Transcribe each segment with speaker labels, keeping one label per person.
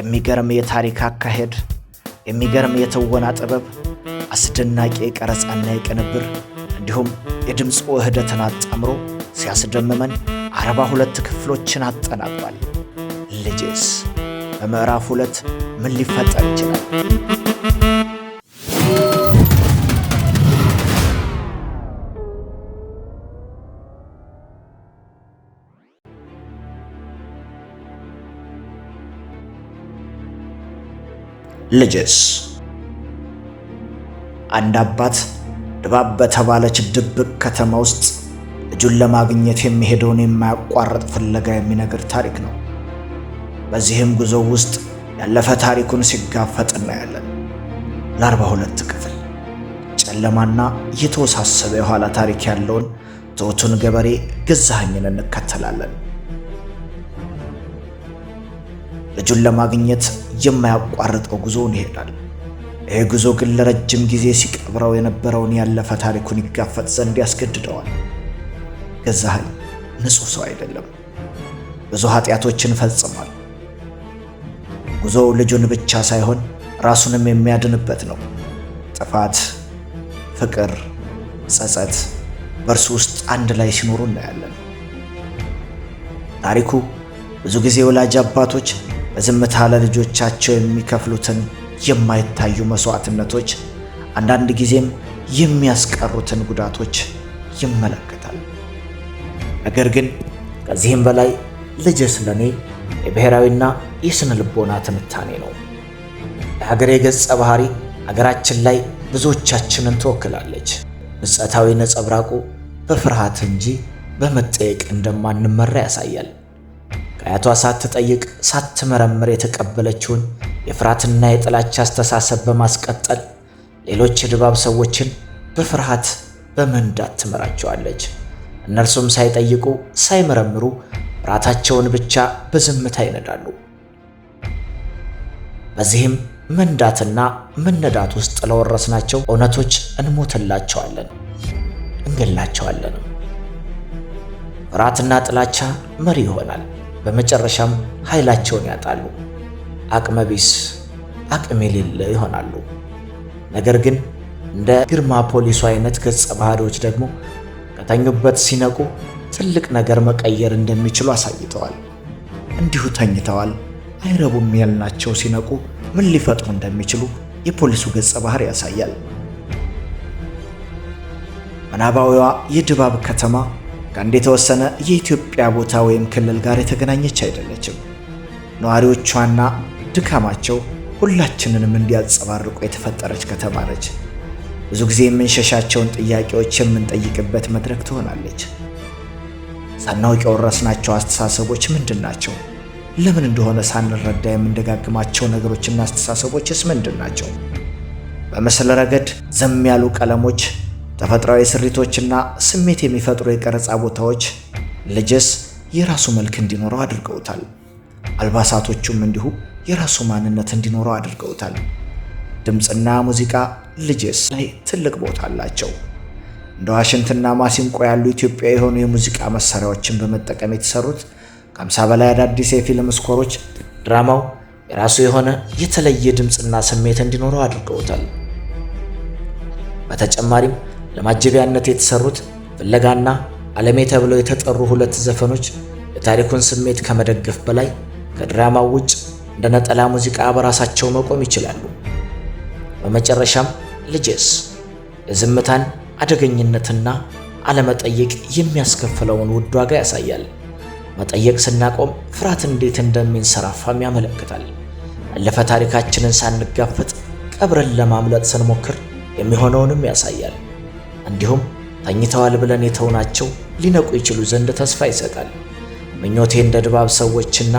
Speaker 1: የሚገርም የታሪክ አካሄድ፣ የሚገርም የትወና ጥበብ፣ አስደናቂ የቀረጻና የቅንብር እንዲሁም የድምፅ ውህደትን አጣምሮ ሲያስደምመን አርባ ሁለት ክፍሎችን አጠናቋል። ልጄስ በምዕራፍ ሁለት ምን ሊፈጠር ይችላል? ልጅስ? አንድ አባት ድባብ በተባለች ድብቅ ከተማ ውስጥ ልጁን ለማግኘት የሚሄደውን የማያቋርጥ ፍለጋ የሚነግር ታሪክ ነው። በዚህም ጉዞ ውስጥ ያለፈ ታሪኩን ሲጋፈጥ እናያለን። ለአርባ ሁለት ክፍል ጨለማና የተወሳሰበ የኋላ ታሪክ ያለውን ትሑቱን ገበሬ ገዛኸኝን እንከተላለን። ልጁን ለማግኘት የማያቋርጠው ጉዞውን ይሄዳል። ይህ ጉዞ ግን ለረጅም ጊዜ ሲቀብረው የነበረውን ያለፈ ታሪኩን ይጋፈጥ ዘንድ ያስገድደዋል። ገዛኸኝ ንጹሕ ሰው አይደለም። ብዙ ኃጢአቶችን ፈጽሟል። ጉዞው ልጁን ብቻ ሳይሆን ራሱንም የሚያድንበት ነው። ጥፋት፣ ፍቅር፣ ጸጸት በእርሱ ውስጥ አንድ ላይ ሲኖሩ እናያለን። ታሪኩ ብዙ ጊዜ ወላጅ አባቶች በዝምታ ለልጆቻቸው የሚከፍሉትን የማይታዩ መስዋዕትነቶች፣ አንዳንድ ጊዜም የሚያስቀሩትን ጉዳቶች ይመለከታል። ነገር ግን ከዚህም በላይ ልጅስ ለእኔ የብሔራዊና የስነ ልቦና ትንታኔ ነው። የሀገሬ ገጸ ባህሪ ሀገራችን ላይ ብዙዎቻችንን ትወክላለች። ምጸታዊ ነጸብራቁ በፍርሃት እንጂ በመጠየቅ እንደማንመራ ያሳያል። አያቷ ሳትጠይቅ ሳትመረምር የተቀበለችውን የፍርሃትና የጥላቻ አስተሳሰብ በማስቀጠል ሌሎች የድባብ ሰዎችን በፍርሃት በመንዳት ትመራቸዋለች። እነርሱም ሳይጠይቁ ሳይመረምሩ ራታቸውን ብቻ በዝምታ ይነዳሉ። በዚህም መንዳትና መነዳት ውስጥ ለወረስናቸው እውነቶች እንሞትላቸዋለን፣ እንገላቸዋለንም። ፍርሃትና ጥላቻ መሪ ይሆናል። በመጨረሻም ኃይላቸውን ያጣሉ፣ አቅመቢስ አቅም የሌለ ይሆናሉ። ነገር ግን እንደ ግርማ ፖሊሱ አይነት ገጸ ባህሪዎች ደግሞ ከተኙበት ሲነቁ ትልቅ ነገር መቀየር እንደሚችሉ አሳይተዋል። እንዲሁ ተኝተዋል አይረቡም ያልናቸው ሲነቁ ምን ሊፈጥሩ እንደሚችሉ የፖሊሱ ገጸ ባህሪ ያሳያል። ምናባዊዋ የድባብ ከተማ ከአንድ የተወሰነ የኢትዮጵያ ቦታ ወይም ክልል ጋር የተገናኘች አይደለችም። ነዋሪዎቿና ድካማቸው ሁላችንንም እንዲያንጸባርቁ የተፈጠረች ከተማ ነች። ብዙ ጊዜ የምንሸሻቸውን ጥያቄዎች የምንጠይቅበት መድረክ ትሆናለች። ሳናውቅ የወረስናቸው አስተሳሰቦች ምንድን ናቸው? ለምን እንደሆነ ሳንረዳ የምንደጋግማቸው ነገሮችና አስተሳሰቦችስ ምንድን ናቸው? በምስል ረገድ ዘም ያሉ ቀለሞች ተፈጥሯዊ ስሪቶችና ስሜት የሚፈጥሩ የቀረጻ ቦታዎች ልጅስ የራሱ መልክ እንዲኖረው አድርገውታል። አልባሳቶቹም እንዲሁ የራሱ ማንነት እንዲኖረው አድርገውታል። ድምፅና ሙዚቃ ልጅስ ላይ ትልቅ ቦታ አላቸው። እንደ ዋሽንትና ማሲንቆ ያሉ ኢትዮጵያ የሆኑ የሙዚቃ መሳሪያዎችን በመጠቀም የተሰሩት ከአምሳ በላይ አዳዲስ የፊልም ስኮሮች ድራማው የራሱ የሆነ የተለየ ድምፅና ስሜት እንዲኖረው አድርገውታል። በተጨማሪም ለማጀቢያነት የተሰሩት ፍለጋና ዓለሜ ተብለው የተጠሩ ሁለት ዘፈኖች የታሪኩን ስሜት ከመደገፍ በላይ ከድራማው ውጭ እንደ ነጠላ ሙዚቃ በራሳቸው መቆም ይችላሉ። በመጨረሻም ልጄስ የዝምታን አደገኝነትና አለመጠየቅ የሚያስከፍለውን ውድ ዋጋ ያሳያል። መጠየቅ ስናቆም ፍርሃት እንዴት እንደሚንሰራፋም ያመለክታል። ያለፈ ታሪካችንን ሳንጋፈጥ ቀብረን ለማምለጥ ስንሞክር የሚሆነውንም ያሳያል። እንዲሁም ተኝተዋል ብለን የተውናቸው ሊነቁ ይችሉ ዘንድ ተስፋ ይሰጣል። ምኞቴ እንደ ድባብ ሰዎችና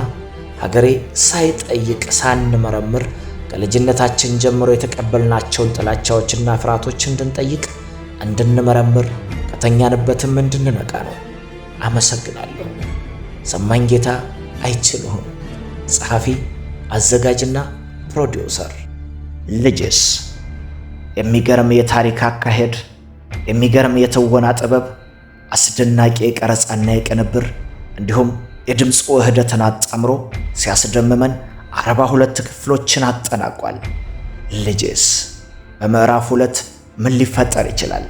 Speaker 1: ሀገሬ ሳይጠይቅ ሳንመረምር ከልጅነታችን ጀምሮ የተቀበልናቸውን ጥላቻዎችና ፍርሃቶች እንድንጠይቅ፣ እንድንመረምር፣ ከተኛንበትም እንድንነቃ ነው። አመሰግናለሁ። ሰማኝ ጌታ አይችልሁም። ጸሐፊ አዘጋጅና ፕሮዲውሰር ልጅስ የሚገርም የታሪክ አካሄድ የሚገርም የትወና ጥበብ፣ አስደናቂ የቀረጻና የቅንብር እንዲሁም የድምፅ ውህደትን አጣምሮ ሲያስደምመን አርባ ሁለት ክፍሎችን አጠናቋል። ልጄስ በምዕራፍ ሁለት ምን ሊፈጠር ይችላል?